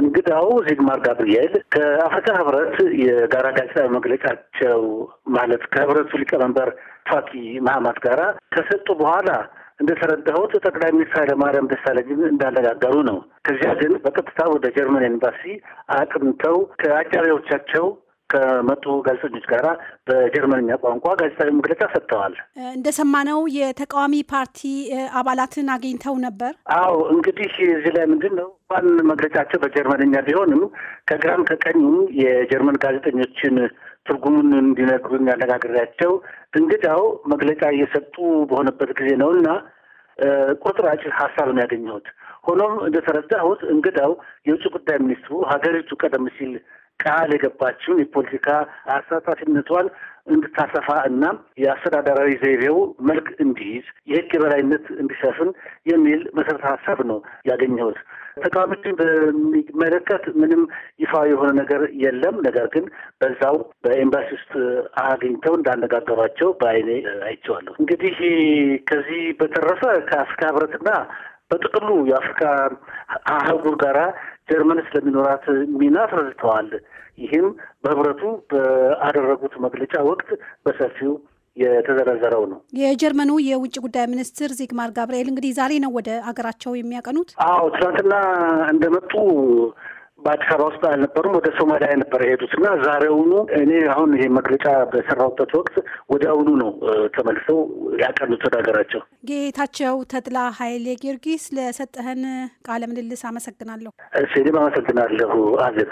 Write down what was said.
እንግዳው ዚግማር ጋብርኤል ከአፍሪካ ህብረት የጋራ ጋዜጣዊ መግለጫቸው ማለት ከህብረቱ ሊቀመንበር ፋቂ ማህማት ጋራ ከሰጡ በኋላ እንደተረዳሁት ጠቅላይ ሚኒስትር ኃይለማርያም ደሳለኝን እንዳነጋገሩ ነው። ከዚያ ግን በቀጥታ ወደ ጀርመን ኤምባሲ አቅንተው ከአጫሪዎቻቸው ከመጡ ጋዜጠኞች ጋራ በጀርመንኛ ቋንቋ ጋዜጣዊ መግለጫ ሰጥተዋል። እንደሰማነው የተቃዋሚ ፓርቲ አባላትን አግኝተው ነበር። አዎ እንግዲህ እዚህ ላይ ምንድን ነው እንኳን መግለጫቸው በጀርመንኛ ቢሆንም ከግራም ከቀኙም የጀርመን ጋዜጠኞችን ትርጉሙን እንዲነግሩኝ ያነጋግሬያቸው እንግዳው መግለጫ እየሰጡ በሆነበት ጊዜ ነው እና ቁርጥራጭ ሀሳብ ነው ያገኘሁት። ሆኖም እንደተረዳሁት እንግዳው የውጭ ጉዳይ ሚኒስትሩ ሀገሪቱ ቀደም ሲል ቃል የገባችውን የፖለቲካ አሳታፊነቷን እንድታሰፋ እና የአስተዳደራዊ ዘይቤው መልክ እንዲይዝ የህግ የበላይነት እንዲሰፍን የሚል መሰረተ ሀሳብ ነው ያገኘሁት። ተቃዋሚዎችን በሚመለከት ምንም ይፋ የሆነ ነገር የለም። ነገር ግን በዛው በኤምባሲ ውስጥ አግኝተው እንዳነጋገሯቸው በአይኔ አይቼዋለሁ። እንግዲህ ከዚህ በተረፈ ከአፍሪካ ህብረትና በጥቅሉ የአፍሪካ አህጉር ጋራ ጀርመን ስለሚኖራት ሚና ተረድተዋል። ይህም በህብረቱ በአደረጉት መግለጫ ወቅት በሰፊው የተዘረዘረው ነው። የጀርመኑ የውጭ ጉዳይ ሚኒስትር ዚግማር ጋብርኤል እንግዲህ ዛሬ ነው ወደ ሀገራቸው የሚያቀኑት። አዎ ትናንትና እንደመጡ በአዲስ አበባ ውስጥ አልነበሩም። ወደ ሶማሊያ ነበር የሄዱት እና ዛሬውኑ እኔ አሁን ይሄ መግለጫ በሰራሁበት ወቅት ወደ ወዲያውኑ ነው ተመልሰው ያቀኑት ወደ ሀገራቸው። ጌታቸው ተድላ ኃይሌ ጊዮርጊስ ለሰጠህን ቃለ ምልልስ አመሰግናለሁ። እኔም አመሰግናለሁ አዜብ።